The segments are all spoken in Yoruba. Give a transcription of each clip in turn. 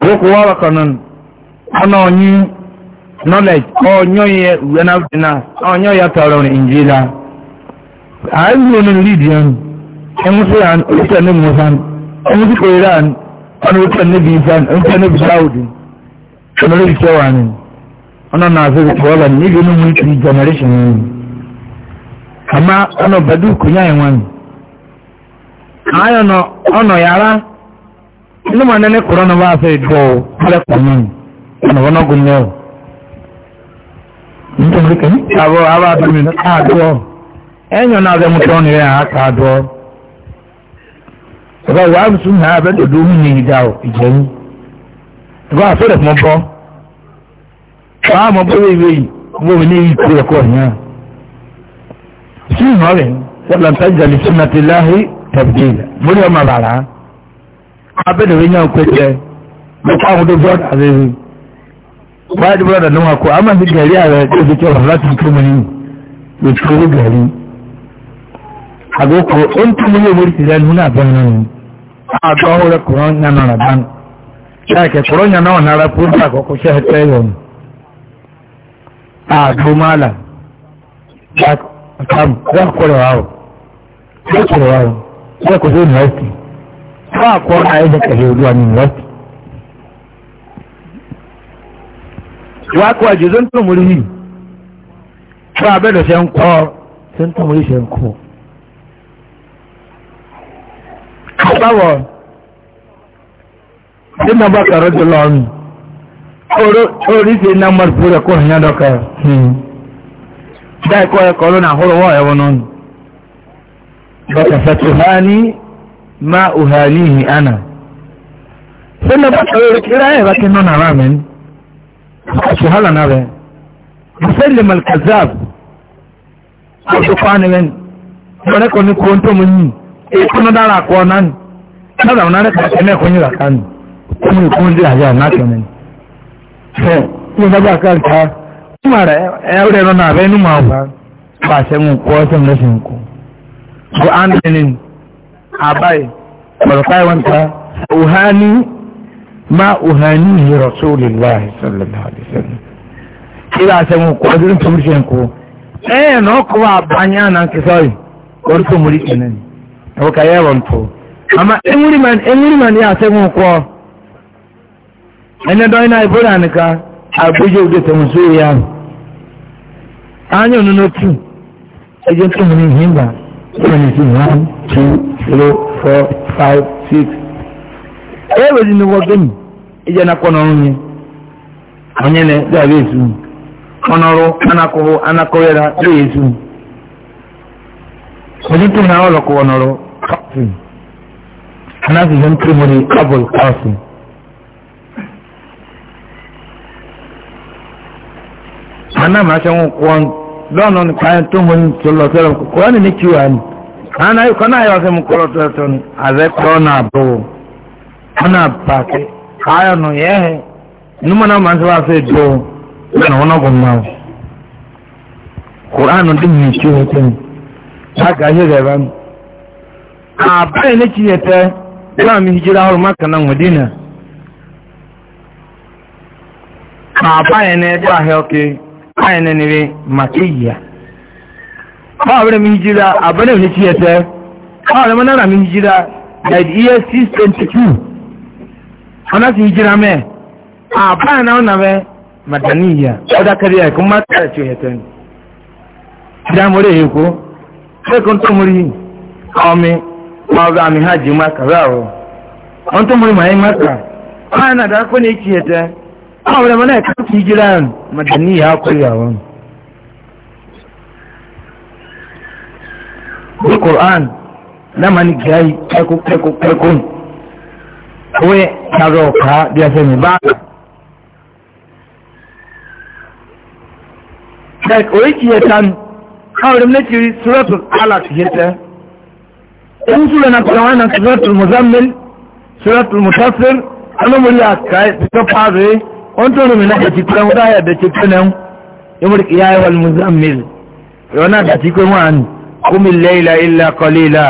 boko wara kanon ana onyi knowledge onye onye wena na ya taro ni injila a lo ni lidian emu se an o ne musan ko iran an o ne bisan o ne saudi kono le se wa ana na se ko wala ni bi no mu tri generation kama ana badu kunya ayo ono yara inú ma nẹ́ni kòrónà bá fẹ́ dùn ọ́ kálẹ̀ pọ̀nù ọ̀nà wọn gùn ní nítorí kẹ́ àbọ̀ àbá àdúmí náà mú tọ́ ni rẹ̀ á náà abẹ́ dòdò ìdá ìgbà bọ́ wàá bọ́ wọ́n mi ní ẹ̀kọ́ abin da winyar kwace da kwamu da zuwa a zai ba da bura da nuna ko amma su gari a zai su ke wa zatin tumuni da tsoro gari a zo ko in tumuni ya wuri tilan nuna ban nan a ga hura kuron ya nuna ban ya ke kuron ya nuna na rafu da ko ko shi ta yi a ga mala ya kam ya kurewa ya kurewa na yake fún àkọ́nà ẹ̀dẹ̀kẹ̀lẹ̀ olúwa ní ìrọ́sì. ìwà kọ́ ẹ̀jẹ̀ tó ń tó mórí yìí fún abẹ́dọ̀ ṣe ń kọ́ tó ń tó mórí ṣe ń kọ́. báwọ̀ ṣé náà bá kàrọ́ tó lọ́rùn orí ṣe náà mọ̀ fúrẹ̀ kó hìyà dọ́kẹ́ dáìkọ́ hmm. ẹ̀kọ́ lónà àhóró wọ́ ẹ̀wọ̀n náà. bọ́kà fẹ́tù hání ma uhalihi ana sai na ba tsawar kira ya bakin nuna ramin a su hala na bai musallim al-kazab a su kwani min wani kwani kwanto mun yi e kuna dara kuwa nan na zauna da kake ne kun yi zaka ne kuma yi kun jira jira na ke min so yi na ba kanta kuma da ya wuri nuna bai numa ba ba sai mun kuwa sun rashin ku ko an ne abai farfaiwanta uhani ma uhani rasulillahi sallallahu alaihi wasallam kila sẹ́mu kọ́dún tó ń ṣe ń kó ẹ̀yẹ̀ náà kọ́ àbáyá náà kì sọ́rì wọ́n tó múrí kì náà ẹ̀wọ́ kà yẹ́ wọ́n ẹni ìbúra òde tẹ̀wọ̀n sí ìyá onínú tù tó mú ní ìhìnbà tó ní zero four five six ebe dị n'ụgbọ gem ije na akpọ n'ọrụ nye onye na dịabịa esu ọnọrụ anakụrụ anakụrịra dị esu onye tụrụ na ọrụ kụwa nọrọ kaptịn anaghị ihe ntụrụ mụrụ abụl kaptịn ana m achọ nwụkwọ lọ́nà nípa ẹni tó mọ̀ ní sọlọ́sọ́lọ́ kọ́ra ní ní kí wàá ní. ana yuko nayo ase mukolo toton aze corona bo ana pake kaya no yehe numa na manzo ase do na ona gumma Qur'an din ni chiwe tin saka je da ban a bai ne ci yata ina mi hijira har makka nan madina a bai ne ba he okay bai ne ne makiyya kawai min hijira abin da shi ya ta kawai mana na min hijira da year 622 ana su hijira mai a bayan na wannan mai madaniya wadda kariya kuma ta ce ya ta ne da mure ya ko sai kun to muri kawai ma za mi haji ma kaza o an to muri mai maka kawai na da ko ne ki ya ta kawai mana ya kasu hijira madaniya bí quran náà ní gíga yìí kẹ́kọ̀ọ́ kẹ́kọ̀ọ́ kẹ́kọ̀ọ́ owó kárọ̀ ọ̀ká bí ẹsẹ̀ mi bá rà. Kẹ́k oríṣi ẹ̀ta ni káwọn ẹ̀mí ti rí sùrọ̀tù alàt yé tẹ́. Ewu sùrọ̀ náà kọ̀ọ̀kan wọn náà sùrọ̀tù mùsàmìl sùrọ̀tù mùsàfìr ọlọ́mọlẹ́ àká ẹ̀sìtọ́ pààrọ̀ yìí wọ́n tó lómi náà ti pẹ́ wọn dáhà ẹ̀dẹ̀ pẹ́ náà yọmọdé kìí ayé mùsàmìl ìwọ náà dàtí pé wọ́n á nù kúmi lẹ́yìnlá ilẹ̀ kọlílà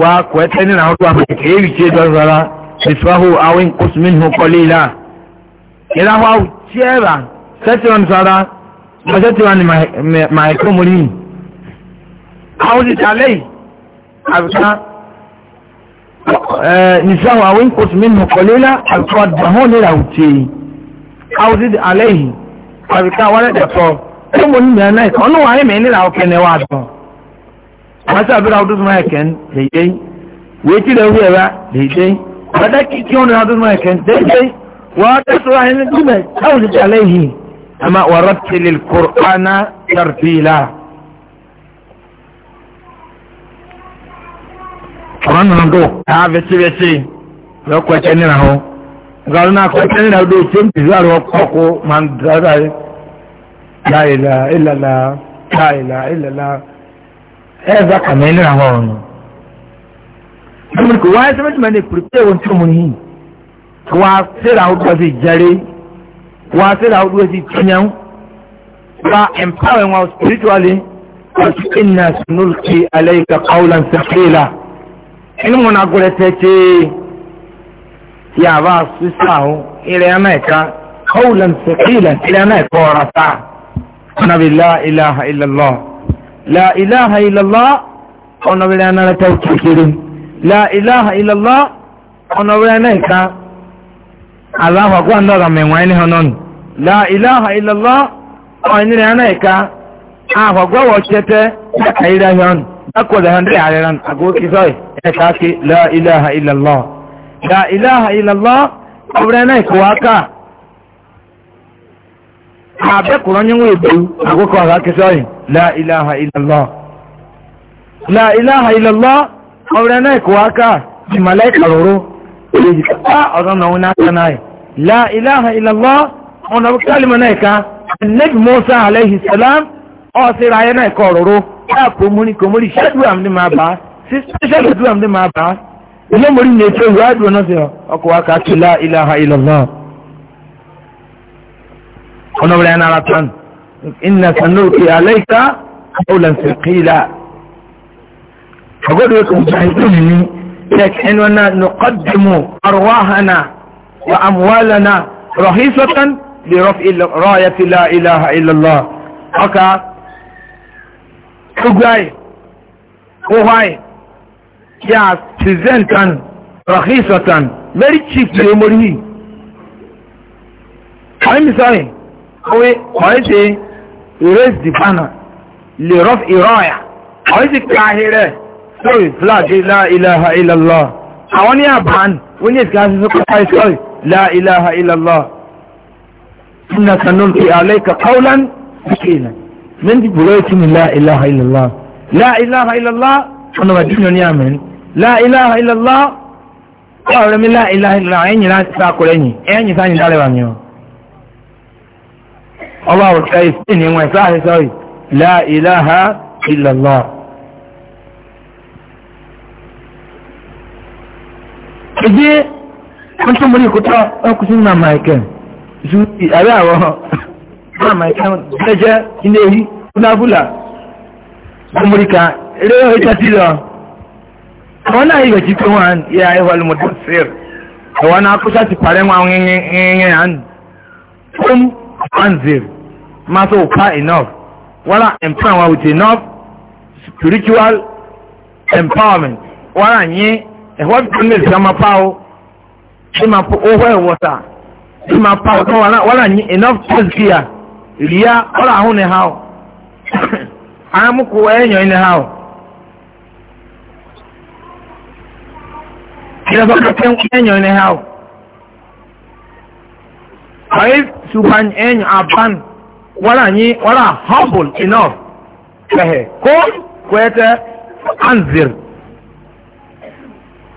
wà kò ẹ́ tẹ́ nínú àwọn tó wà mọ̀ kéèyì tí ó dọ̀rọ̀ra ìfọ́hù àwọn kùsùmínú kọlílà ìlàwọ̀ àwùjẹ́ra sẹ́tìrán sara sẹ́tìrán ni màìkómọ́lì àwọn ti tàlẹ́ yìí àbíká nisawo awin kotu minnu kolila alkuwa daho ne da wuce hausi da alaihi kwabika wani da masu abin hautu su mayakan daidai weci da wuya ba daidai wadda kiyon da hautu su mayakan daidai wadda su rahin jima kawai da alaihi amma wa rattilil qur'ana tartila wannan do ta bece bece ya kwace ni raho garu na kwace ni raho do tin bi zuwa ko man da da la ilaha illallah la ilaha illallah ẹ̀ẹ́dà kàmẹ́ ẹ̀lẹ́ àwọn ọ̀nà. Mọ̀mọ́ni kò wáyé sẹ́mẹ́tì máa lè pèpè wọn tó mu nìyí. Wà á sẹ́ra àwọn ọdún ọ̀sẹ̀ jẹrẹ. Wà á sẹ́ra àwọn ọdún ọ̀sẹ̀ tẹ̀yàn. Wà á empower wọn spiritually. Àti ìnà sinulki aláìka kawla nsàkéla. Ẹni mọ̀ náà gbọ́dọ̀ tẹ́tẹ́ yàrá sísá o ilẹ̀ anáìka kawla nsàkéla ilẹ̀ anáìka ọ̀rọ̀ sáà. Nàbìlá la ilaha illallah ọ̀nà wẹ̀rẹ̀ anáratá kékeré la ilaha illallah ọ̀nà wẹ̀rẹ̀ anáìka aláhọ̀kọ́ àndọ́gà mẹ̀wọ̀n ẹni hàn nọ́nù la ilaha illallah ọ̀nà wẹ̀rẹ̀ anáìka ahọ̀gọ́ wọ̀ chẹ́tẹ́ ẹ̀ka ìrà hàn dákọ̀dà hàn rẹ̀ àrẹ̀rán àgókè sọ́ọ̀ ẹ̀ka ké la ilaha illallah la ilaha illallah ọ̀rẹ́ anáìka wákàá abẹ́kùnrin ní wọ́n èdè àkókò ọ̀rọ̀ akẹ́sọ́yìn láìláha ìlàlọ́ láìláha ìlàlọ́ ọ̀rẹ́ náà kò wákà ti màláìkà rọrọ èyí ká ọ̀rọ̀ náà wọn náà náà láìláha ìlàlọ́ ọ̀nà kálímọ̀ náà ká nẹ́bí mọ́sá aláìhì sàlám ọ̀sẹ̀ ráyẹ náà kọ̀ rọrọ káàpọ̀ múni kò mórí ṣẹ́dù àmì máa bá ṣẹ́dù àmì máa bá ilé ono لنا na نقدم أرواحنا وأموالنا رخيصة لرفع راية لا إله إلا الله أكا تقاي وهاي يا كان رخيصة very cheap يومري هاي مثالي kọ́wé kọ́wé ṣe erase the banner lè rọ́f ìrọ́ọ̀yà kọ́wé ṣe ká ahẹ́rẹ́ sórí flag la ilaha illallah àwọn ní àbáhàn wọ́n ní ìsìnká sísọ kọ́kọ́ ìsọ́rí la ilaha illallah inna sanun fi alayka qawlan sakina min dibulaiti ni la ilaha illallah ilaha illallah ọ̀nà wà dínà ní àmì la ilaha illallah ọ̀rẹ́ mi ilaha illallah ẹ̀yìn láti sáà ẹ̀yìn sáà ní dárẹ́wà ọba òkè ìsìn ní wọn ìsáà ìsọ yìí láìláha ìlọlọ. ìdí wọn tún múlí ìkútọ ọkùnrin náà máìkẹ ju àbí àwọn náà máìkẹ jẹjẹ ilé yìí fúláfúlà wọn múlí ká eré ìjà sí lọ. àwọn náà yìí gbèjì pé wọn yà ẹwà lọmọdé sèr àwọn náà kó sáà ti parẹ́ wọn àwọn yẹn yẹn yẹn yẹn yẹn yẹn yẹn yẹn yẹn yẹn yẹn yẹn matter of power enough wala empower with enough spiritual empowerment wala nye ẹ̀họ́ tó ní ìsàmà pàwọ́ ìmà owó ẹ̀wọ̀ta ìmà pàwọ́ tó wala nye enough tazkiya ria wala ahun ni ha o àwọn mú kó ẹ̀yàn ni ha o. ìrẹsọ̀ kàtẹ́ ẹ̀yàn ni ha o. ọ̀yẹ́ sùpàn ẹ̀yàn àbánu wala ni wala humble enough ehe ko kwete anzir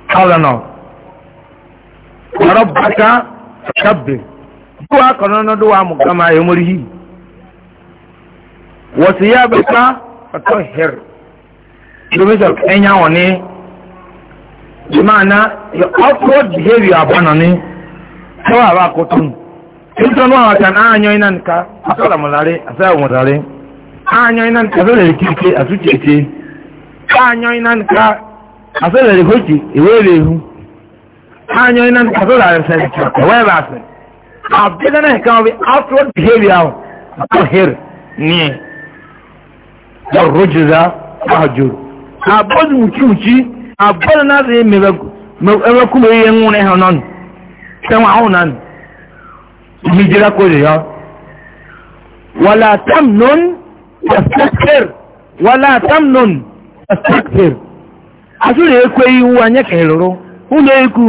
kalano rabbaka kabbir duwa kanono duwa mu kama ya murhi wasu ya baka fatahir domin sa kenya wani bi na your outward behavior abana ne tawa ba kotun ìtọ́nú àwọn àtàn ààyàn iná nìka asọ́làmọ̀lárí asáyàmọ̀lárí ààyàn iná nìka asọ́lẹ̀rẹ̀ kíkẹ́ àtúnjẹ̀kẹ́ ààyàn iná nìka asọ́lẹ̀rẹ̀ hojì ìwéèrè ihu ààyàn iná nìka asọ́lẹ̀rẹ̀ sẹ̀rẹ̀kẹ́ ẹ̀wọ́ ẹ̀rọ àṣẹ àbílẹ̀ náà kan bí outward behaviour àtọ́hìr ní ẹ̀ lọ́rọ̀jìdá àjò hijira ko da yawa wala tamnun tastakfir wala tamnun tastakfir asúlẹ̀ ekwe iwu anyẹ́kẹ̀ ìrọ̀rọ̀ ụlọ ikwu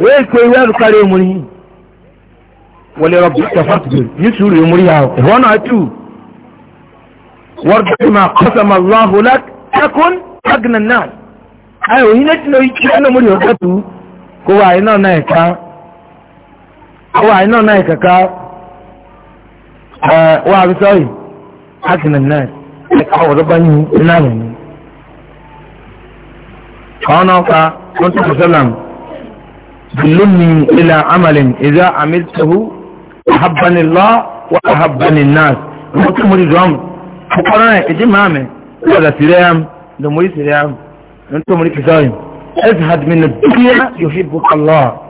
wee ekwe iwu alụkarị omori wọlé rọ̀bù tafatbir yusuf rẹ̀ omori ya ẹ̀họ́ náà tù wọ́n dùn ma kọ́sàmà lọ́hù lákùn agnan náà ayò yìí náà tí ó yí kí ẹ̀ lọ́mọdé àwọn àìní náà náà kàkà wọ́n àbí sọ́ọ̀yì ákìnà náà ẹ̀ka ọ̀dọ́ bá yín iná rẹ̀ ni. àwọn náà ka wọ́n tún sọ́làm dùlùmí ilà amalin ìdá amíltẹ̀hu ahabanilá wà ahabaninas wọ́n tún múri dùn kọ́kọ́rọ́ náà ìdí màmí lọ́dà sílẹ̀ yam lọ́mọ́rí sílẹ̀ yam wọ́n tún múri kìsọ́yì ẹ̀sì hadmin dúkìá yóò fi bùkà lọ́wọ́.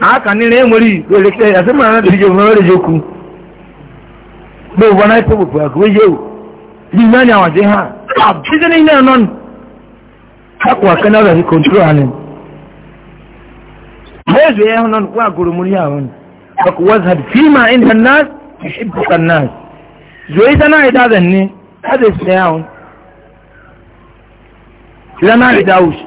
aka nínú ẹmọrí wẹlẹkẹ àsẹmọ àná lèjọ fún ọrẹ jẹ kú bẹẹ wọn náà pẹ pọpọ àkúwé yẹ o bí mẹni àwọn àti hàn àbíjẹ ní ilé ẹnọ ni kákò àkẹnà rẹ kọńtúrò àná lẹ́ẹ̀dù ẹ̀ hàn náà wà gòrò múrí àwọn ni ọkọ̀ wọ́n sàdí fíìmà ìdá náà ìṣẹ́bù kan náà zòye sáná ìdá rẹ̀ ní láti ṣe àwọn ìdá náà ìdá òṣì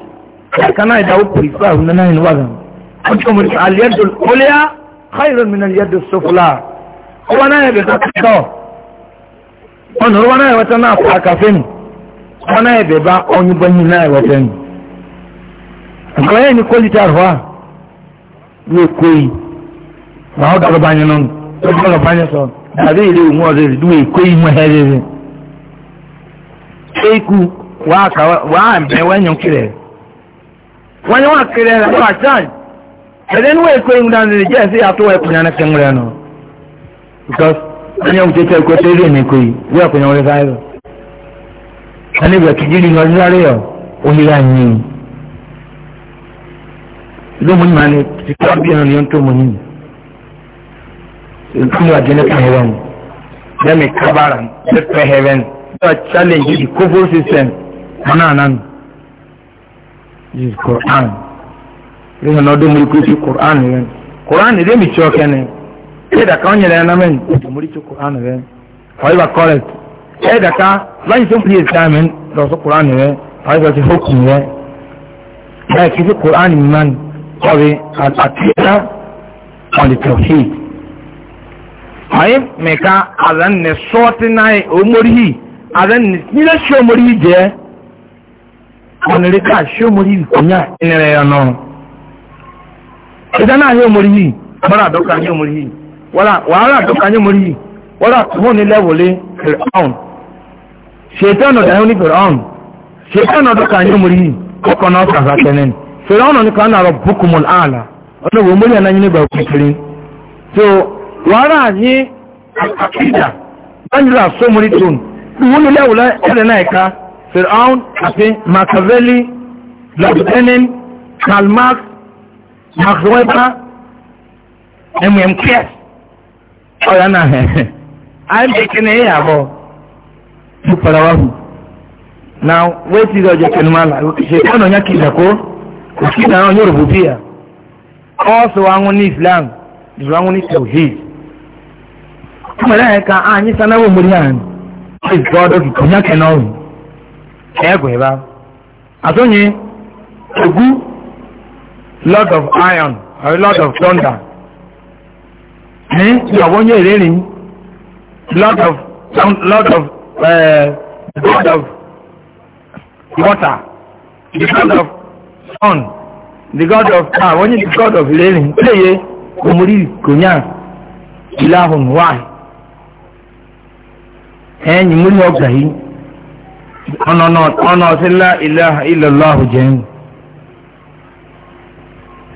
àkànná ìdá òpò ìfọ̀ àwọn náà ìnú wà gàmù. أنتم اليد العليا خير من اليد السفلى هو أنا بتكتو أن هو أنا وتنافع كفن أنا ببا أني بني نا وتن أقولني كل تاروا يكوي ما هو كربان ينون كربان يسون هذه اللي هو ذي دوي كوي مهذب شيكو وعك وعم بيوان يوم كده وأنا وعك كده وعشان ẹ̀dẹ́nu wẹ̀ kó ewu dáná jẹ́ ẹ̀sẹ̀ yàtọ̀ wẹ̀ kó nyana kẹ́mìrẹ́ nù because ẹni ọ̀hún tètè ẹ̀kọ́ tẹ́lẹ̀ ẹ̀mí kò yìí wẹ̀ kó nyana wẹ̀ sáyẹ̀ ẹni bẹ̀ kìjì ni ọdún sáré yọ òhìrì ànyìn lómo ní màá ní tìkọ́ bí ẹ̀rọ ni ó ń tó mo ní ìtumọ̀ àjẹnẹ́ pẹ̀hẹ́rẹ́ mu lẹ́mi kábàrà pẹ̀hẹ́rẹ́ mu yóò challenge the kobo system ọ̀nà ànánu is Quran lẹ́yìn náà ọdún múlùkù sí kùránù rẹ̀ kùránù rẹ̀ mi tí ọ kẹ́ni ẹ̀ẹ́dàká ọ̀nyẹ̀rẹ̀ ẹ̀ náà mẹ́rin ọdún múlùkù kùránù rẹ̀ ọ̀yẹ́bà kọ́rẹ̀t ya láyé tó ń pèlè ìsáàmì lọ́sọ̀ kùránù rẹ̀ ọ̀yẹ́bà ti hókùn rẹ̀ báyìí kì í sí kùránù mìíràn kọ́bi àtìkà ọ̀dì tọ̀hí. ayé mẹ́ka àdán ní sọ́ọ́tì náà ọmọrìhì àdán ní nílẹ̀ sí ọmọrìhì jẹ́ ọ̀nà e ayé omori yìí wọ́n àdọ́kọ̀ ayé omori yìí wàhálà àdọ́kọ̀ ayé omori yìí wọ́n àtúwọ́n ní lẹ́wọ̀lé fìrọ́ọ̀n ṣètọ́nù dáhùn ní fìrọ́ọ̀n ṣètọ́nù àdọ́kọ̀ ayé omori yìí kọ́kọ́ náà sàfà kẹ́nẹ́ni ní kan náà bukumul àlà náà so Max Weber, MM Pierce, ọ ya na anyị bekee na ihe abụọ jupụtara ahụ na wee tiri ọjọ kenumala shetan onye ọ sụwa anwụ n'islam zụrụ anwụ n'itauhid nwere anyị ka anyị sanawo omori anyị ezite ọdọ kike onye kenọhụ ka lord of iron or lord of thunder ní ìyàwó yẹn ìrìnrìn lord of lord of uh, eh, god of water the god of sun the god of ah wọ́n yẹn the god of ìrìnrìn péye kòmórì kònyà ìlàhùn wáì ẹ̀yìn múlẹ̀ ọgbà yìí ọ̀nà ọ̀sẹ̀ ńlá ìlàhùn jẹun.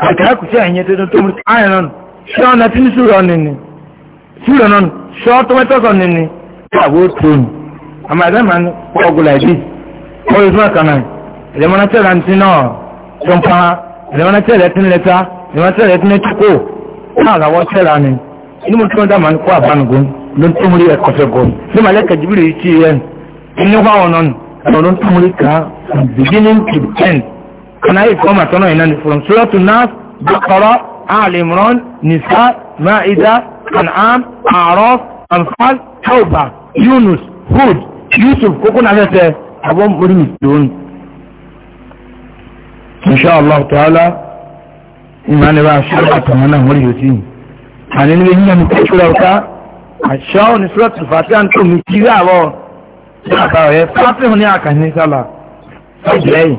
àkàrà kò sí àyẹn tuntun tó múlẹ̀ ayọ̀ náà ṣọ́ ọ̀nà tí ní sùúrọ̀ nìní sùúrọ̀ náà ṣọ́ tọ́mẹ́tọ́sọ̀ nìní káwó tóun àmàlẹ́ màá ní ọ̀gùn làbí ọ̀rọ̀ ìfúnà kanáà ẹ̀dẹ̀mọ́nà tẹ̀lé àti náà tó ń pa ẹ̀dẹ̀mọ́nà tẹ̀lé tí ń lẹ́ta ẹ̀dẹ̀mọ́nà tẹ̀lé tí ń tókò náà làwọ̀ tẹ̀lé ni inú mo tún dá beginning to end kana yi koma tono ina ni from suratu nas bakara al imran nisa ma'ida an'am a'raf anfal tauba yunus hud yusuf ko kuna fete abon muri misdoni insha allah ta'ala imani ba shi ba ta mana muri yusi ani ni hinna mu kura ka ashaw ni suratu fatiha an ko mi tira wo ta ba ye fatiha ni aka ni sala sai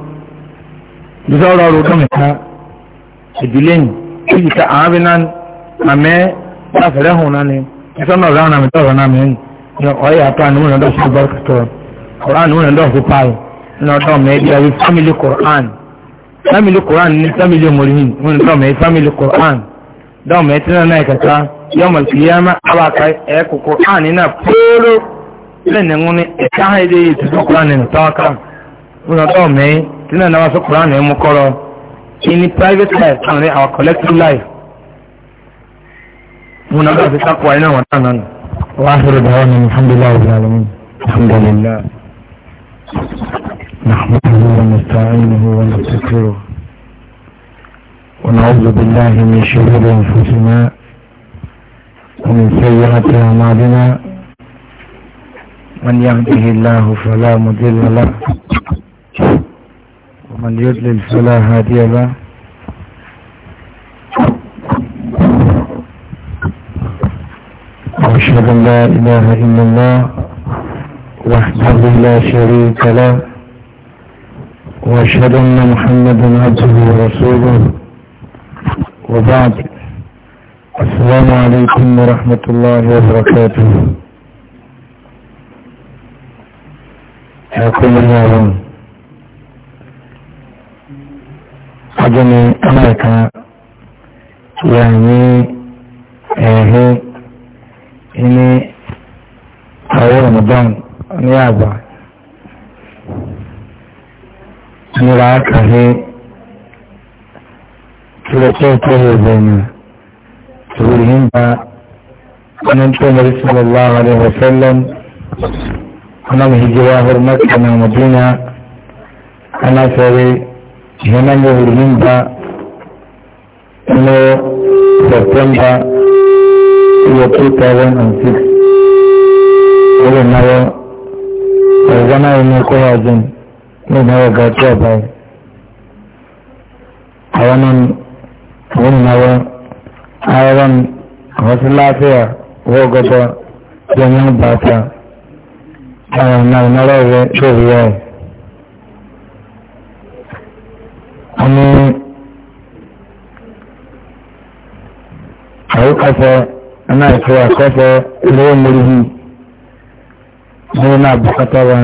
bisa ọrọ ọrọ ọdọ mẹta ìdílé yìí èyí ká àwọn bí náà àmẹ láfẹrẹ hùn náà ni ẹsọ náà ọrọ àmì tọrọ náà mẹrin ní ọyẹ àtọ àníwọn náà dọsí ọgbà kẹtọ ọrọ àníwọn náà dọsí páàlì ní ọdọ mẹ ẹbí àwọn fámìlì koran fámìlì koran ní fámìlì mọlìhìn wọn dọ mẹ fámìlì koran dọ mẹ tí náà náà kẹta yọmọ kìyàmá abàkà ẹ kò koran náà pọ́ọ́rọ́ lẹ́nu ẹ̀ńwó ni ẹ̀ka tínà náà wá sí quran ẹ̀ mú kọ́rọ́ in private life and our collective life mo náà bá fi sákòó iná wọn náà nù. wàá sọ̀rọ̀ dáwọ́ ní alhamdulilayi wa alamin alhamdulilayi. نحمده ونستعينه ونستغفره ونعوذ بالله من شرور انفسنا ومن سيئات اعمالنا من يهده الله فلا مضل له ومن يدلل فلا هادي له واشهد ان لا اله الا الله وحده لا شريك له واشهد ان محمدا عبده ورسوله وبعد السلام عليكم ورحمه الله وبركاته حياكم الله ọjọ́ ní amẹ́ríkà wà ní ẹ̀hẹ́ ní àwọn ọmọdán ní àgbà nira kàhé kílẹ̀kẹ́ tó lè bẹ̀rẹ̀ torí ń bá wani tó mọ̀rí sallallahu alaihi wasallam wani hijira hurmata na madina ana fẹ́rẹ́ ìyẹn náà yóò rí nígbà ní september year two thousand and six ọ̀rọ̀ náà ọ̀rọ̀ náà yẹn ní ẹ̀kọ́ yà jẹun ní ìnáwó ga tí ọ̀bá yìí àwọn náà àwọn ìnáwó ayọ́rọ́n àwọn sí láàfíà owó gọbọ tí wọ́n ní àwòkọ́fẹ́ ẹ̀nà ìfẹ́ àkọ́fẹ́ ìlú mọ́rí yìí mọ́rí náà bùkátà wọn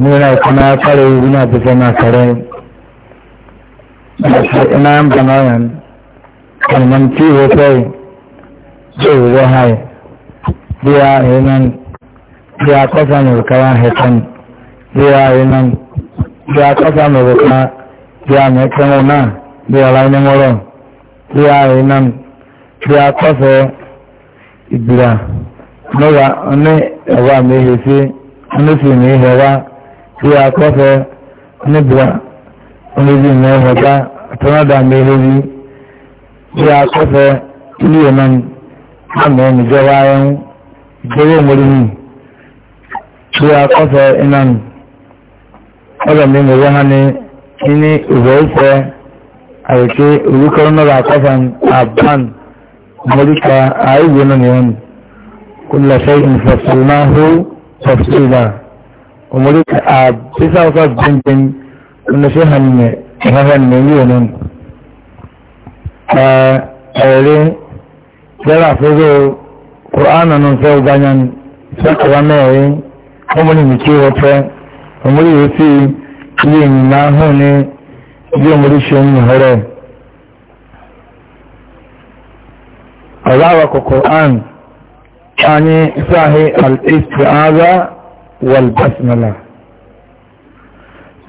mọ́rí náà kọ́nà kárẹ̀ ìlú náà bùkátà náà kárẹ̀ ina yan banayan kalman ciwo kai zai wahai biya yanan biya kasa mai kawan hekan biya yanan biya kasa mai kawan bí a mẹ́kẹ́ wọn náà bí ara ẹni mọ́rọ̀ bí a rẹ̀ náà bí a kọ́fẹ́ ìgbìlà lọ́wọ́ ní ẹ̀wà méhe sí oníṣì ní ihe wá bí a kọ́fẹ́ níbìlà oníṣì ní ihe bá àtúnádà méhe rí bí a kọ́fẹ́ ilé ẹ̀ náà àmì ẹni jọba ẹ̀hún ìjọba òmòrì mi bí a kọ́fẹ́ iná ọ̀rọ̀ mi ní wọ́n ní ini ubaise a yake rukar nura kafan abban amurka a yi gina ne wani kula sai in fasulma hu fasula amurka a bisa wasa jinjin kuna shi hannu hahan ne yi wani a yare yara fi zo ƙur'ana ilé ìyìnbá hàn ní bí omori ṣe ń hẹrẹ. ọ̀rọ̀ àwọn kòkòrò àn ṣáàní sáàhí al-istiaza wal-basmala.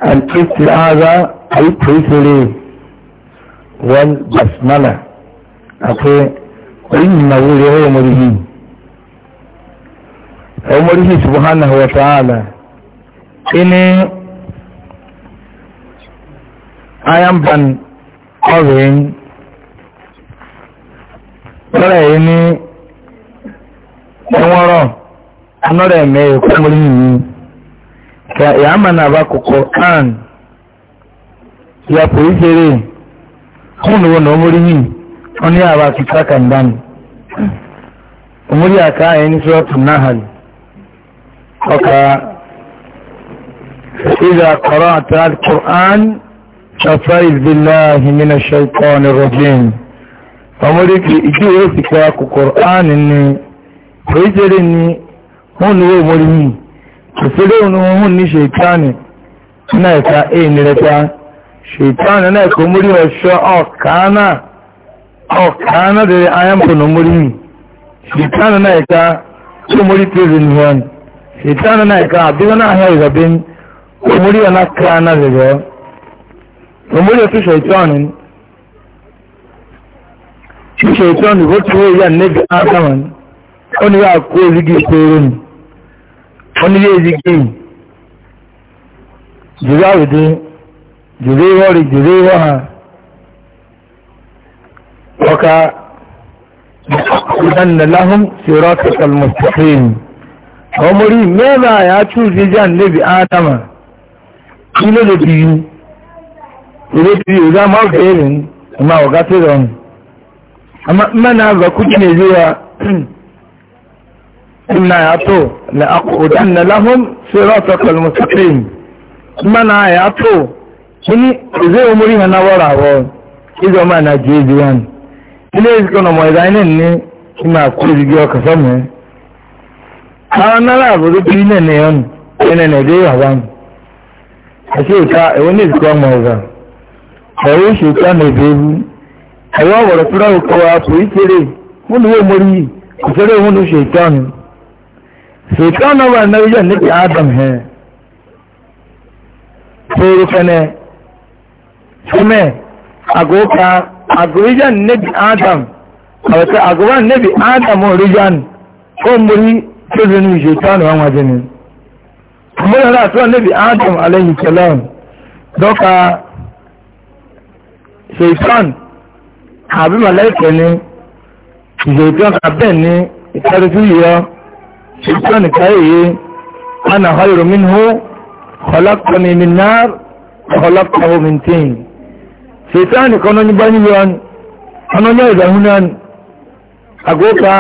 al-istiaza al-prisiri wal-basmala àti subhanahu wa ta'ala. ini iron band ọ̀rẹ́ ń lọ́rẹ̀ yìí ní ẹwọ́rọ̀ anọ́rẹ̀ mẹ́rin kúmọ́rí yìí kà ìyáàmà náà bá kòkó kan ìyàpò ìṣeré kúnlùwọ̀n náà mórí yìí wọ́n ní àwa kìkà kàndánù òmórí àká ẹni sọ́ọ̀tù náhàlì ọkà إذا قرأت القرآن أفايذ بالله من الشيطان الرجيم أمريكي إجي وفكاك قرآن إني ويجري إني هون ومرمي تسلون هون شيطان نايكا إيه نلتا شيطان نايكا مري وشاء كانا أو كانا دري آيام كنو مرمي شيطان نايكا ومري تزن هون شيطان نايكا عبدنا هاي غبين ومري أنا كانا دري òmúlò tó ṣètọ́ọ̀nù ni ṣíṣe ìtọ́nù ó ti wé ìyá níbi ádámà ni ó ní wàá kó ezigi ìpérò ni ó ní yé ezigi yìí jùlọ àwùjọ jùlọ ìwọ rí jùlọ ìwọ ha ọkà ìdánilẹ láhùn sírọ tẹsán mustaqim ọmọ rí mẹ́rin àyà tún ìdíjà níbi ádámà kí ló lè bí yìí ilé tí ìwé àmọ́ ọ̀gẹ́ rẹ̀ ní ọmọ ọ̀gá tó rọ̀ ní. amma na zaku ne zuwa inna ya to la aqudan lahum siratal mustaqim mana ya to kini zai umuri na warawo izo mana jejiwan ile ziko na moyi zainin ne kima ku jiyo ka samu ana la go du ne ne yon ne ne de yawan ase ka e woni ziko moyi zainin ẹ̀rọ ìṣèkà nìbẹ̀rù ẹ̀rọ ọ̀wọ̀rọ̀ fúnra òkọ̀ àpò ìkéré wọ́n lè wọ́n mórí ìṣeré wọn ló ṣèkà nù ṣèkà náà wà náà yẹ níbi adam hẹ fèrè fẹnẹ fúnmẹ àgókà àgóríjà níbi adam àwọ̀tẹ́ àgówà níbi adam òríjà nù ó mórí kéde nù ìṣèkà nù àwọn àjẹnì. Mọ́lá náà tó níbi Adam alayhi salam dọ́ka ṣèṣán àbí mọ̀lẹ́kẹ̀ ni ìṣèṣán abẹ́ ni ìtẹ́rẹ́sí yọ ṣèṣán káyé ana hayro minhu khalaqtani min nar khalaqtahu min tin ṣèṣán kan ní báyìí yọ ọ̀nà ní ìdàhún náà àgókà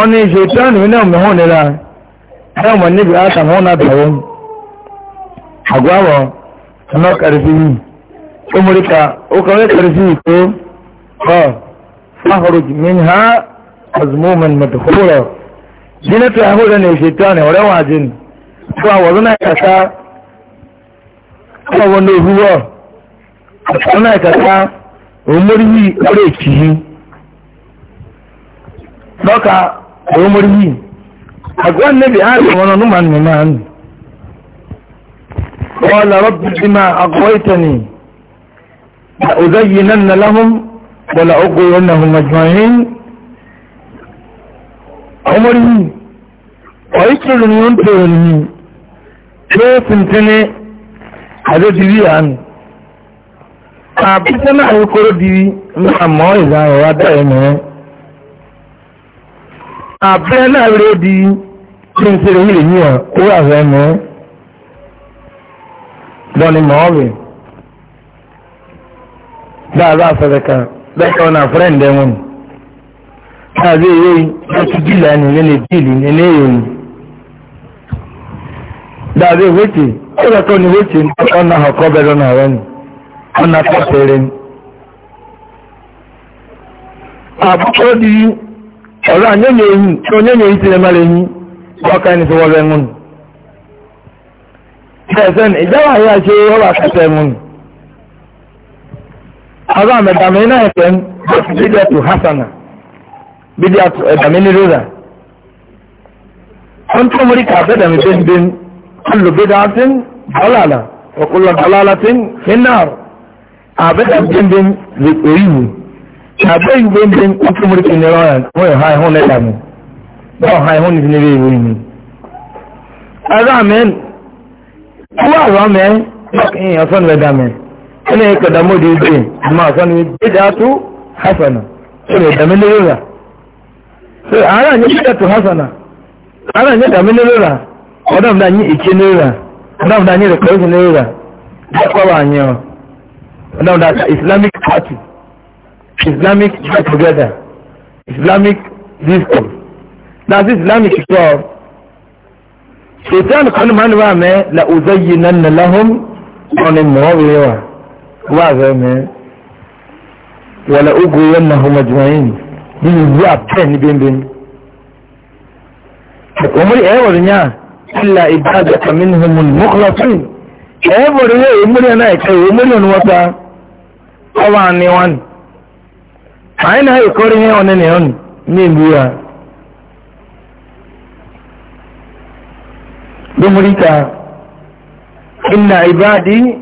ọ̀nà ìṣèṣán mi náà mẹ́hún nira ẹ̀rọ mọ̀ níbi àtàwọn náà tàwọn àgọ́ àwọ̀ ọ̀nà kàrífì yìí umurka uka wai karfi ko ha fahruj minha azmuman madkhura dina ta hura ne shaytan wa rawajin to wazna kasa ko wanda huwa wazna kasa umurhi kare kihi doka umurhi agwan nabi adam wannan numan numan قال رب بما أغويتني لأزينن لهم ولأغوينهم أجمعين عمره ويكرر ينتهي كيف انتني هذا دي عن àbísẹ́nà àyíkóró di mọ́ ìlànà wa dá ẹ̀mẹ́ àbísẹ́ náà rí ó di kí n ṣe lè yí lè yí ọ̀ kó wà fẹ́ mẹ́ lọ́ni mọ́ ọ̀bẹ̀ da za a sadaka don kauna friend da mun ta zai yi yanki gila ne ne ne gili ne ne yoyi da zai wuce ko da kauni wuce na kauna hako bero na wani ana tafere àbúkọ́ di ọ̀rọ̀ àyẹ́yẹ̀ yìí tí ó yẹ́yẹ̀ yìí ti lè máa lè yí wọ́ká ẹni tí wọ́n rẹ̀ mú nù. ṣẹ̀ṣẹ̀ ìjáwà yà ṣe ọ̀rọ̀ àkàtẹ̀ mú nù azọ amẹdàmẹ náà ẹsẹ ń bídí ẹtù hasana bídí ẹtù ẹdàmẹ ní rírà wọn tún mú rí ká abẹdàmẹ bẹnbẹn alùbẹdàtìn bọlàlà ọkùnrin bọlàlàtìn fínàr abẹdàmẹ bẹnbẹn lè oríwù abẹyìn bẹnbẹn wọn tún mú rí kìnìún ọyàn wọn yóò ha ẹhún lẹdàmẹ báwọn ha ẹhún nìyí níbi ìwé yìí azọ amẹ kú àwọn amẹ ẹyìn ọsán lẹdàmẹ ẹni ẹ̀kọ́ dàmú di ìgbé àmà àfọ́nù ìgbéjà tó hasana ṣẹlẹ̀ ìdàmí lérora ṣe ara ní ìgbéjà tó hasana ara ní ìdàmí lérora ọ̀dọ́m dà ní ìkí lérora ọ̀dọ́m dà ní rẹ̀kọ́rẹ́sì lérora ẹ̀kọ́ wà ní ọ ọ̀dọ́m dà ka islamic party islamic get together islamic discord that's islamic club ṣètàn kan máa ń la ọ̀zọ́ yìí náà lahom wáàzẹ́ mi wọlé ogun yẹn nà ọmọ jùmọ̀yìn nínú ìlú àpẹ́ ní bíbín ọmọdé ẹ̀ wọ̀rọ̀ nyà ilà ìbáàdà kàmí ní ọmọ ní mọ́kànlá tún ẹ̀ wọ̀rọ̀ yẹ ọmọdé náà ẹ̀ka ọmọdé ọ̀nà wọ́ta ọwọ́ àní wọn àyìn náà ìkọ́rí yẹn ọ̀nà ní ọ̀nà ní ìlú wa. lómọdé ká ilà ìbáàdì.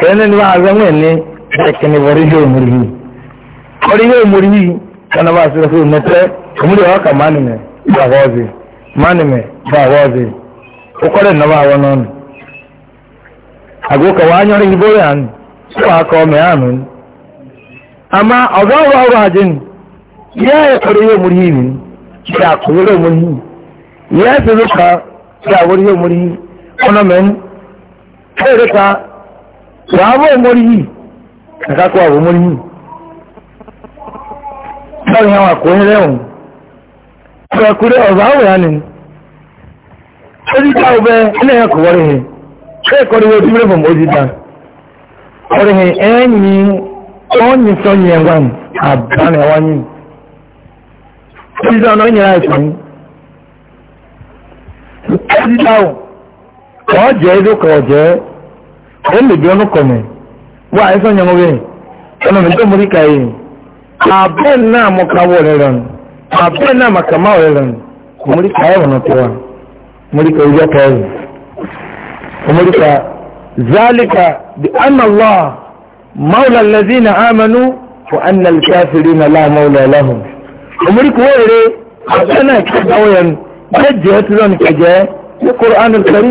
kene ni ba ga ne da kene wari yo murhi wari yo murhi kana ba su da su mata muri wa ka mani ne ba wazi mani me ba wazi ko kore na ba wonon ago ka wanyo ri boyan su aka o me anun amma ogo wa wajin ya ya kore yo murhi ne ya kore murhi ya su ka ya sàábọ̀ òmórí yìí kàkàkọ́ àbò mórí yìí sáwọn àwọn àkóyẹ lẹ́wọ̀n tó ẹkùrẹ́ ọ̀zọ̀ àwọ̀ yá nìyí ó ti dá ọbẹ̀ ẹlẹ́yìn kò wọ́rí hẹ ṣé ẹ̀kọ́ ni wọ́n ti bẹ̀rẹ̀ fún mọ́ dídá ọ̀rẹ́ hẹ ẹ̀yìn ọ̀yìn sọ́yìn ẹ̀wọ̀n àbáni ẹ̀wọ̀n yìí ó ti dá ọ̀nà ọ̀yìn àìsàn yìí ó ti dá ọ̀jẹ́ ẹ̀dọ́kọ̀ ọ̀jẹ́ ẹ̀lẹ́ bí ọ́nù kọ̀mẹ̀ wọ́n àìsàn yẹn wọ́n ọ̀nà mi tó mú ríkà yìí àbẹ́ náà mọ̀ ká wọ̀ rẹ̀ rẹ̀ àbẹ́ náà mà kà má rẹ̀ rẹ̀ kò mú ríkà ẹ̀wọ̀n náà tó wà mú ríkà ojú ọkọ̀ ẹ̀rù kò mú ríkà zálìkà bí anna allah maula lazina amanu wa anna alkafiri na la maula lahu kò mú ríkà wọ́n àbẹ́ náà kí wọ́n yẹn jẹ́ jẹ́ tí wọ́n kẹjẹ́ ní kúrò ánù kẹrin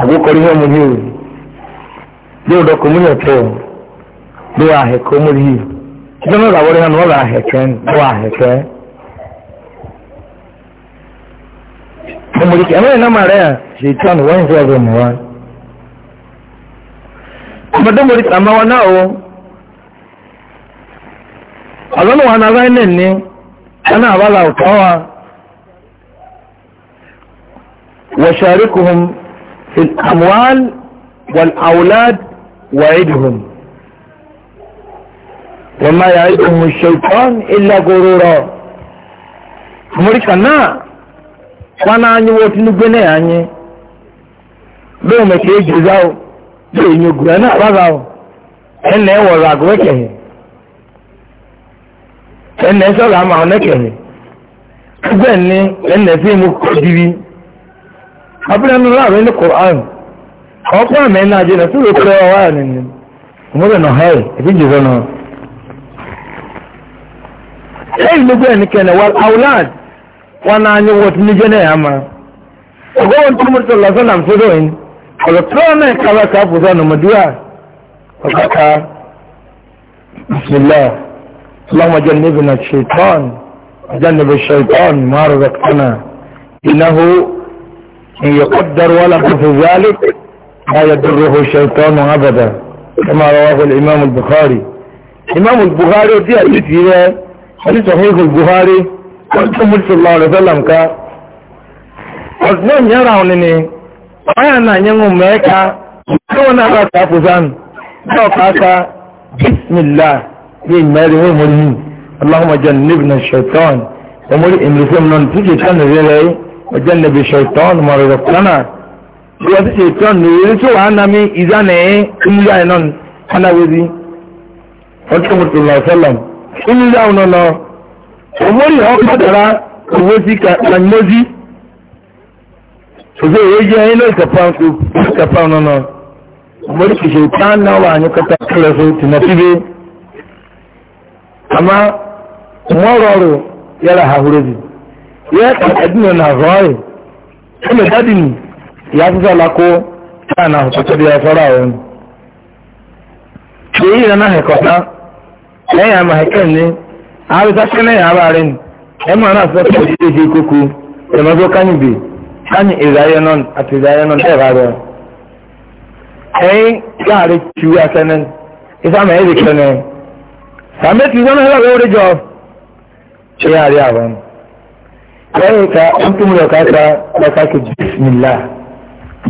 agukora ihe muri iwe ndi udo kumuri ote ndi waheke muri iwe ndi nura buri hano wabaheke ndi waheke kumuriki amene namara ya shitani wenze yazo muwani amadu muri amawa nawo azanu wana zaine ni ana abala utawa وشاركهم في الأموال والأولاد وعدهم وما يعدهم الشيطان إلا غرورا مريكا نا وانا اني ووتني بني اني بو مكي جزاو بو اني غرانا بغاو ان نه ورا غوكه ان نه سلام عليكه بني ان في مكدي abúlé nínú láàrin ní quran ọkọ àmì ẹ̀nà a náà sórí òkúrẹ́ wa wáyà nínú ọmọdé náà hẹ́ẹ̀ ẹ̀bí jùlọ náà. lẹ́yìn ló gbé ẹni kẹ́ni wà áwùláàd wọn náà ní wọ́n ti ní jẹ́ náà yàmá. ọgọ́ wọn tó mọ̀tò lọ́sọ̀ náà fúdọ̀ yìí ọ̀rọ̀ tó náà kára káfù sọ ọ̀nà mọ̀dúwà ọ̀kàkà bisimilá اللهم إن يقدر ولك في ذلك ما يضره الشيطان أبدا كما رواه الإمام البخاري إمام البخاري دي أيتي حديث صحيح البخاري قلت صلى الله عليه وسلم كا قلت نعم يرونني وأنا نعم ميكا وانا لا تفوزان لو كاكا بسم الله بين مالي ومرهين اللهم جنبنا الشيطان ومرئ امرسهم ننتجي كان غيري وجنب الشيطان مرضتنا بيوت الشيطان نيرسو أنا مي إذا نعي كل يعنون أنا وذي فالكم رسول الله صلى الله عليه وسلم كل يعنون الله أموري أقوى ترى أموري كنموزي Ozo eji anyị na ịkapa nkụ ịkapa nọ nọ. Mgbe kìí ṣe tán náà wà ní kọta kílẹ̀ fún tìǹbù. Àmá mọ́rọ̀ọ̀rọ̀ yára àhúrẹ́bì yẹ ẹdínwó na vọọyì ẹnlẹ dadi ni ìyá sísọ lakó táà náà tuntun bí ẹfọrọ àwọn ni. èyí nana hẹkọta lẹyìn àmà hẹkẹ ni àbíta sẹlẹ yà bá rẹ ni ẹ máa náà sọsọ ìdílé ìdí kókó ìrànlọ́wọ́ kányìn bì kányìn ìdáyẹ náà àti ìdáyẹ náà tẹ̀ bá rẹ. ẹyin láàrin tiwí asẹnẹ ìsàmì ẹ̀dẹ̀kẹ́ ni sàmẹ́tì sọ́nà ẹ̀rọ lẹ́yìn ká ń tún lọ káta lọ́kàkì bísímìlá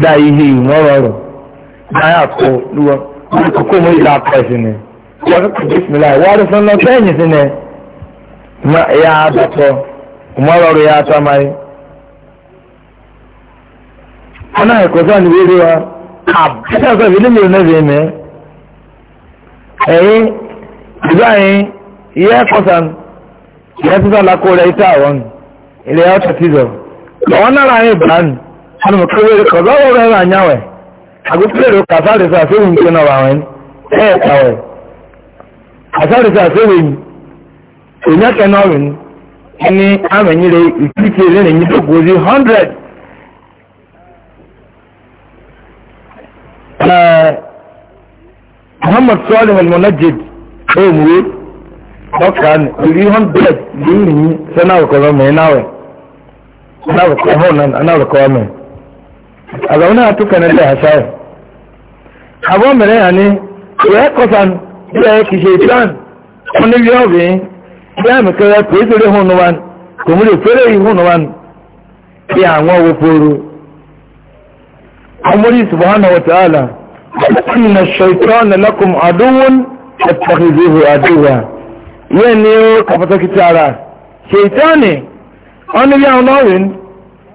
dá ihe ìmọ̀rọ̀rọ̀ náà àpò lúwọ́ ní kókó mú ìlà pẹ̀sì ni lọ́kàkì bísímìlá ìwádìí fún lọ sẹ́yìn sí ni ya àdàpọ̀ ìmọ̀rọ̀rọ̀ ya àtàmáyé. wọn náà ẹ̀kọ́ sáà ní wíwí wa àbúrò ọ̀sán ìdílé mi ò náà fi mẹ́ ìgbà yẹn ìyá ẹ̀kọ́ sàn ìyá sísá ilẹ̀ ọ̀tọ̀tìzọ̀ lọ́wọ́ nára ní ìbánu alùmọ̀kẹ́wẹ́rẹ́ kọ̀ lọ́wọ́ rẹ̀ rà nyáwẹ̀ àgùntẹ́rẹ́ kàfàrẹ́sà àfẹ́wì ń gbéná wà wẹ́n ẹ̀ kàwẹ̀ àfàrẹ́sà àfẹ́wì ìyẹ́kẹ́ náà rìn ní àmẹ́nyẹrẹ ìkíkẹ́ lẹ́nu ẹ̀yìn tó gbòòzì hundred. muhammad salim al-munajid ẹ̀wùwé ọkàn three hundred lẹ́yìn sẹ́nà ọ̀kọ̀ọ̀mọ̀ ẹ̀ náà wẹ̀ ana requirement a zaune a tukanin da hasaya abu mere ya ne ya kosan ya ya kishe plan wani biya obi ya mi kere ko isere hunu wan ko mu le fere yi hunu wan bi awon owo foro amuri subhanahu wa ta'ala inna ash-shaytana lakum aduwwun fattakhidhuhu aduwwa yẹn ni ó kàfàtàkì tí ara ṣètánì ọ́nìyàn lọ́rin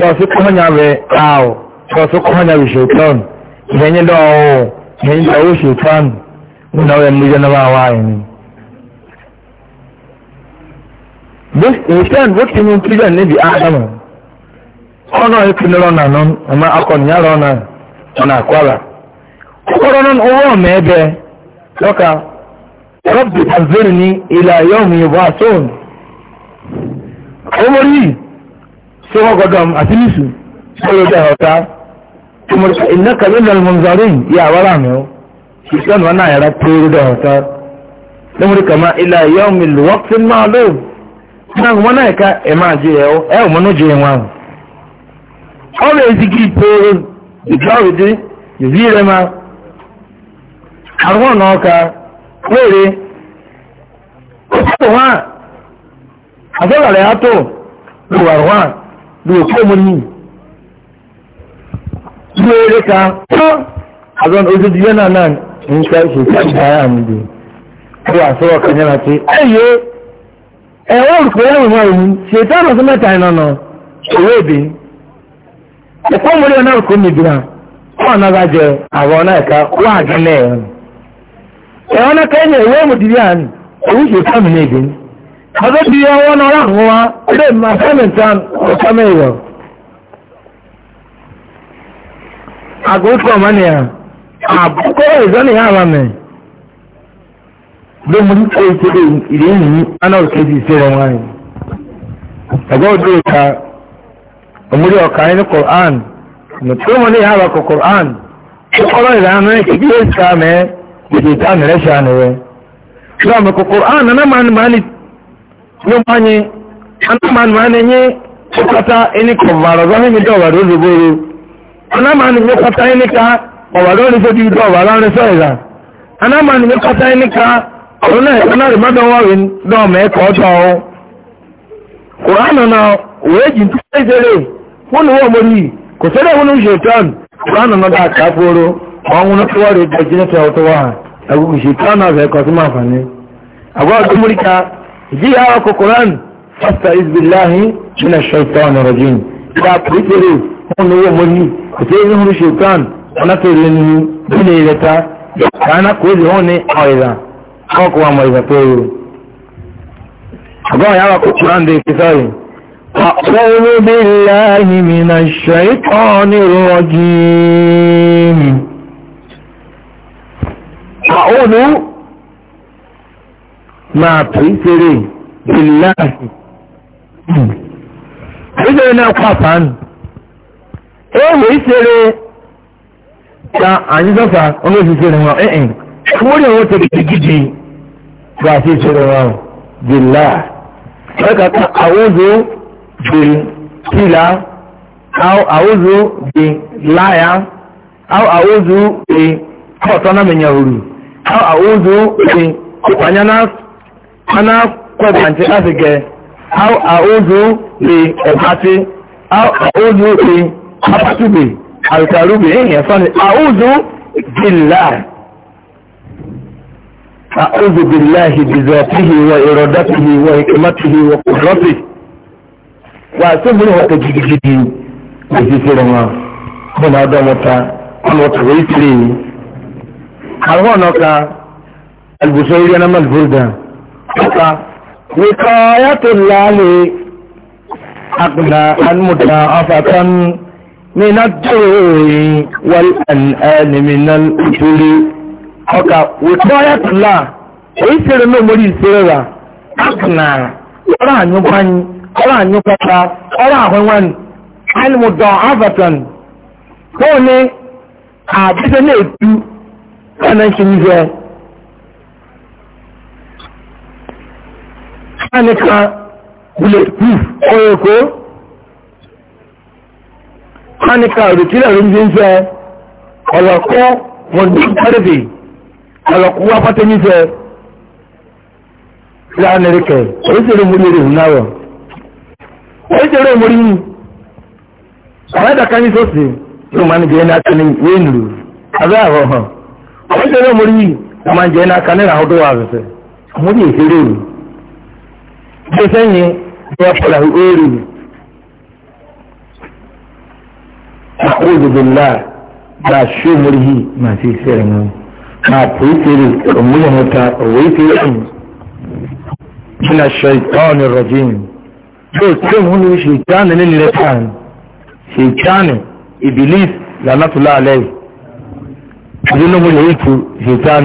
lọ́sí kọ́nyà rẹ̀ káàwọ̀ lọ́sí kọ́nyà rẹ̀ ṣètọ́n ìyẹn lọ ọ̀hún ìyẹn lọ ó ṣètọ́n nínú ọ̀rẹ́ mi jẹ́nà wà wáyé ni. ìṣẹ́n ló ti mú kíjọ níbi ádámù ọ̀nà ìpinnu lọ́nà nù ọmọ akọ̀nìyà lọ́nà ọ̀nà àkọ́rà kọ́kọ́rọ́ nù owó ọ̀mọ ẹ̀bẹ̀ lọ́ka rọ́bì àzẹ́rì ní tí wọ́n gọ́dọ̀ àti níṣù lọ́lọ́dọ̀ ọ̀tá ìnáka lọ́lọ́ mọ̀nzarin yà wà láàmì ó ìṣọ́nù wọn náà yàrá tó lọ́dọ̀ ọ̀tá lọ́mọdé kàmá ilà ìyá omi lùwọ́pín máa lò náà wọn náà ká ẹ̀ máa jẹ ẹ̀ ẹ̀ ò mọ́nú jẹ wọn. ọ̀rọ̀ ezigi ìpòrò ìgbàwédé ìzí rẹ̀ máa àwọn ọ̀nà ọ̀ka wéèrè ó lóòkè mọ́ni ló eré ka àwọn ojúdi yẹn náà náà nǹkan ìṣèṣẹ́ ìdáyà mi dé kó àṣọwọ́ kan ọrụ láti ẹ̀yẹ ẹ̀wọ́n olùkọ́ yẹn wọ̀nyí ọ̀hún ṣètò ọ̀nà tó mẹ́ta iná nà òwe èdè ẹ̀kọ́ mọ́ni ọ̀nà òkú nìgbìnà wọ́n náà bá jẹ àwọn ọ̀nà ẹ̀ka wọ́n àgẹ́lẹ̀ ẹ̀hún ẹ̀wọ́n ewe kẹ́yìn ẹ̀wọ́n mọ̀dìrí àná òwúṣe sáàmì náà na ni. ọdún bí ọwọ́ náà ráhùn wa ọdún ìmọ̀ afẹ́mìntàn ọ̀sánmẹ́ ìwọ̀ àgókò ọmọnìyà àbúkọ́ ìzọ́nì àwọn mẹ́ ló mú kó ìkéde ìdí ìní anáwó kejì ìṣẹ́rẹ̀ wáyé ẹgbẹ́ òdó ìka òmúrí ọ̀ka ẹni kọ̀ọ̀án nùtúrò mọ́ ní ìhàwà kọ̀ kọ̀ọ̀án ó kọ́rọ̀ ìlànà ìkéde ìṣàmẹ́ ìdè ìtàn rẹ̀ ṣàánú rẹ̀ ṣùgbọ́n àmì kọ̀ọ̀án nana máa ní nípa nyi anamanu anenye kpata ẹni kọ̀ọ̀bàrọ̀ zọ́n ẹni ịnịkọ olùgbòrò anamanu nye kpata ẹni ká ọ̀bàrọ̀ olùsọ̀dì dọ̀bàrọ̀ ọ̀rẹ́sọ̀ ẹ̀dá anamanu nye kpata ẹni ká ọ̀rọ̀ náà ẹ̀ka náà ọrịa dọ̀wọ́ rìn dọ̀ọ̀mọ̀ ẹ̀kọ́ ọ̀tọ̀ ọ̀hún. kùránù náà wòye جيها وكقرآن فاستعيذ بالله من الشيطان الرجيم إذا كتير هون هو مني كتير هون الشيطان أنا تريني بني لتا أنا كل هون أيضا أقوى ما إذا تقول أقوى يا وكقرآن دي كتير أعوذ بالله من الشيطان الرجيم أعوذ máa pè é ṣeré bíláàsì àbíṣeré náà kọ́ àpáànù èèwọ̀ ìṣeré ta àyíṣọ́fà olóṣìṣẹ́ rẹ̀ wọ́n ẹ̀ẹ́n wọ́n rí owó tẹ̀lé gidi gba sí ìṣeré wọn bíláà ẹ̀ka ká àwòzó bíláà àwòzó bíláà àwòzó bíláà kọ́ ọ̀tọ́ náà mẹ́nyà òru àwòzó bíláà kọ́ ọ̀tọ́ náà ana kwabance asige au a ozu le ebati au a ozu le apatube alkarube eyan sani a ozu billah أعوذ بالله بذاته وإرادته وحكمته وقدرته وأسمه وتجديده وزيسير ما من هذا متى أنا وتغيث لي أرغب أنك البسيري أنا ملفوردة ya haka wikayatul lahi agna an mudafatan min ad-duri na ntuli ọka al-ujuri ya wikayatul lahi èyí sèrè náà mórí ìsèrè rà agna ọrọ ànyúkwanyí ọrọ ànyúkwata ọrọ àhwẹwẹni an tó ní àbísẹ́ náà ètú ẹ̀nà ìṣẹ́ nìkan bullet proof ọ̀rọ̀ èkó wọ́n nìkan òdìkílẹ̀ ló ń jẹ́ ń jẹ́ ọ̀lọ́kọ́ wọn ní pẹ́rẹ́dì ọ̀lọ́kọ́ wá pátẹ́ níjẹ́ sí amẹ́ríkẹ̀ oríṣiríṣi mú lórí ìhùn náà oríṣiríṣi mú rí mú àwọn ẹ̀dàkà ní sọ́ọ̀sì yóò máa ń jẹ́ ní akẹ́ni wéèlú abẹ́ àwọ̀ hàn oríṣiríṣi mú rí mú máa ń jẹ́ ní akẹ́ni ràhọ́dọ́wà àfẹ́fẹ́ mú rí ìṣeré rù gbèsè yìí bí wọ́n fọlá orí mi. àkóso bìlá bá a ṣó mórí yìí máa ti sẹ́rẹ̀ mọ́ máa pè é tèrè òmùyẹ̀ mọ́ta òwe tèrè ọ̀hún. من الشيطان الرجيم يوسف هنا شيطان للشيطان شيطان إبليس لعنة الله عليه أدنه الهيك شيطان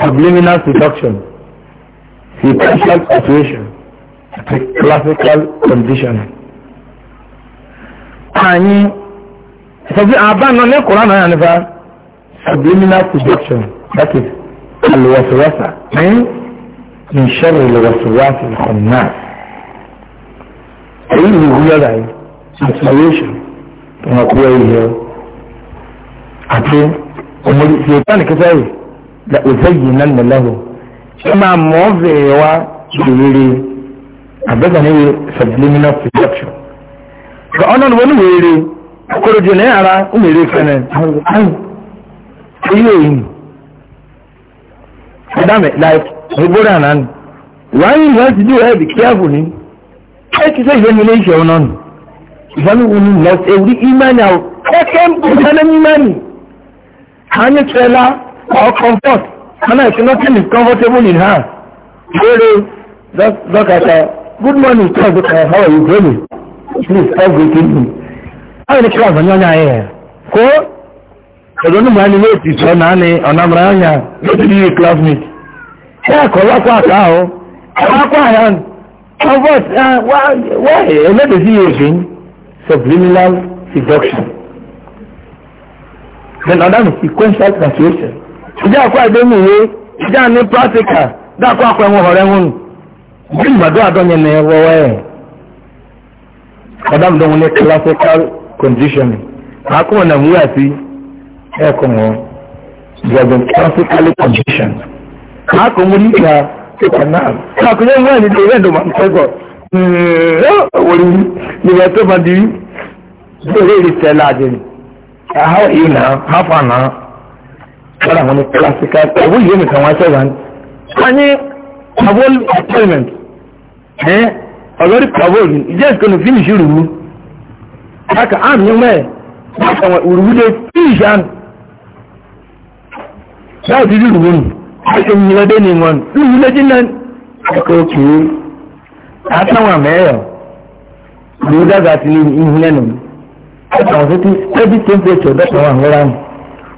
subliminal seduction, sequential operation, classical conditioning. Anyị sọfí àbánà ní Kùrán náà nípa subliminal seduction that is alwaswasa ní ìṣẹ́rù ìlwaswasa ìkànnà. Èyí ni ìwúyọ́ra yìí, inspiration, tó ń kú ẹ̀yẹ àti ọmọdé ṣe ìtàn ìkẹta yìí la òzẹ́yìn náà nìlẹ́hùn ṣé máa mọ̀ ọ́ bẹ̀rẹ̀ wá lèrè àbẹ́gbẹ̀ níbi subliminal perception ṣe ọ̀nà ni wọ́n ní wèrè akọ̀rọ̀jù ní ara ó wèrè fẹ́nẹ̀ ayé èyí ẹ̀dámẹ̀ like ẹgbẹ́rẹ́ àná ni wàá yìí wọ́n ti dí ẹ̀ bí kíáàbù ni ẹ ti sẹ́ ìfẹ́ mi ní ìṣẹ̀ ọ̀nà ni ìfẹ́mi wo ni lọ ewúrí ìmánì àwọn kẹ́kẹ́ or comfort ana if nothing is comfortable in her really dọkata good morning sir dọkata how are you doing please stop greeting me how many class ọ̀nyọ́ ọ̀nyá yẹn kó ọ̀dọ́ ní mọ̀ ẹni ní ètì sọ náà ni ọ̀nàmọ̀ra ọ̀nyá lóbi ní classmate ṣé ẹ̀kọ́ lọ́kọ́ àká o ọ̀lọ́kọ́ àyà comfort wá ẹlẹ́dẹ̀ sí èéfín subliminal seduction then another sequential translation ìjà àkọ́ àdémùwé ìjà ní pírátíkà dákọ́ àkọ́ ẹ̀wọ̀n ọ̀rẹ́ wọn bí ìgbàdo àdọ́yẹn ní ẹwọ́ ẹ̀ ọ̀dà mìíràn ní classical conditioning àkọ́wọ̀n náà múra sí ẹ̀kọ́ wọn gbọ̀dọ̀ classical condition àkọ́ mú níta pípa náà àkọ́ yẹn wọ́n ní ìdè rẹ̀ dùn máa ń fẹ́gọ̀ wọ́n ní tó máa di bí ìwé ìrìsẹ̀ láàdì how you now how far now wọ́n àwọn ní classical owó yìí nìkan wọ́n ṣẹ̀wá ní. wọ́n ní parole appointment ọ̀lọ́rí parole ìjẹ́ ìkànnì finish rúwú. káàkiri àmì ní mẹ́ẹ̀ wọ́n àwọn rúwú dé finish àmì. báyìí ti rí rúwú nù ẹ̀sìn ìyẹn dé ní wọn rúwú lẹ́jìn náà. ọkọ̀ òkè àtàwọn àmẹ́yọ̀ rúwú dàgbà sí ihun lẹ́nu. ọ̀sán tó ti steady temperature dọ́kọ̀ àwọn àwọn ọ̀rọ̀ àmì.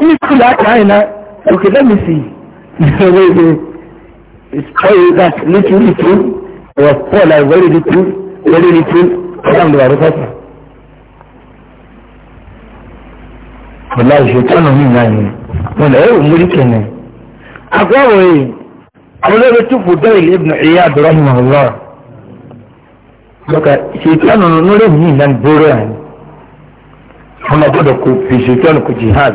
ní kí láti àìná okay let me see wait wait it's tell that literally true it was poor like very little very little ọlọ́run ló wà ló fọ́sà. ọ̀la ìṣètọ́nà mi náà yẹn mo lọ ẹ̀rù mórí kẹ̀nẹ̀. àgbáwò yìí olórí túfù dọ́ìlì ibùn ìyá abdulrahim allah lọ́kà ìṣètọ́nà lórí mi náà gbóró ẹ̀ ọmọ gbọ́dọ̀ kò fi ìṣètọ́nà kò jihad.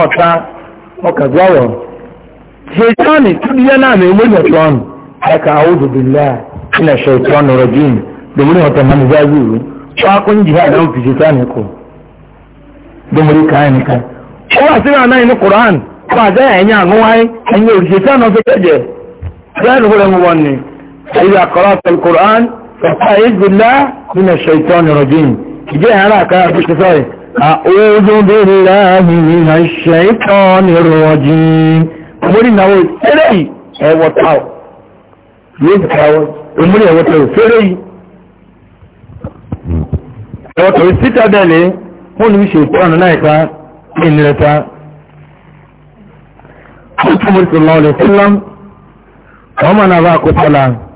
ọ̀ta ọkàgbọ́wọ̀ ṣètọ́nì tó díẹ̀ náà ní ilé ìgbọ̀tọ́n ẹ̀ka àwòdòdìlá ilẹ̀ ṣètọ́nì rọ̀jìn domini ọ̀tọ̀ mọ́ni báyìí rú ṣọ́kún jìhá àdáhùn fi ṣètọ́nì kù domini káyà nìkan. ó wà sínú àná inú quran kó àjẹ́ ẹ̀yìn àgúnwáyé ẹ̀yìn òṣìṣẹ́tọ́nì ọ̀fẹ́ kẹjẹ bẹ́ẹ̀ ló rẹ̀ wọ́n ni ìyá kọ́lọ́tọ̀ quran fẹ̀fà ìgbìlá ilẹ̀ ṣètọ́nì أعوذ بالله من الشيطان الرجيم أمري نوي سيري هو تاو يوز تاو أمري هو تاو سيري أيوة تاو سيتا دالي هون مشي تاو نايكا إن لتا قلت الله عليه وسلم ومن أباك سلام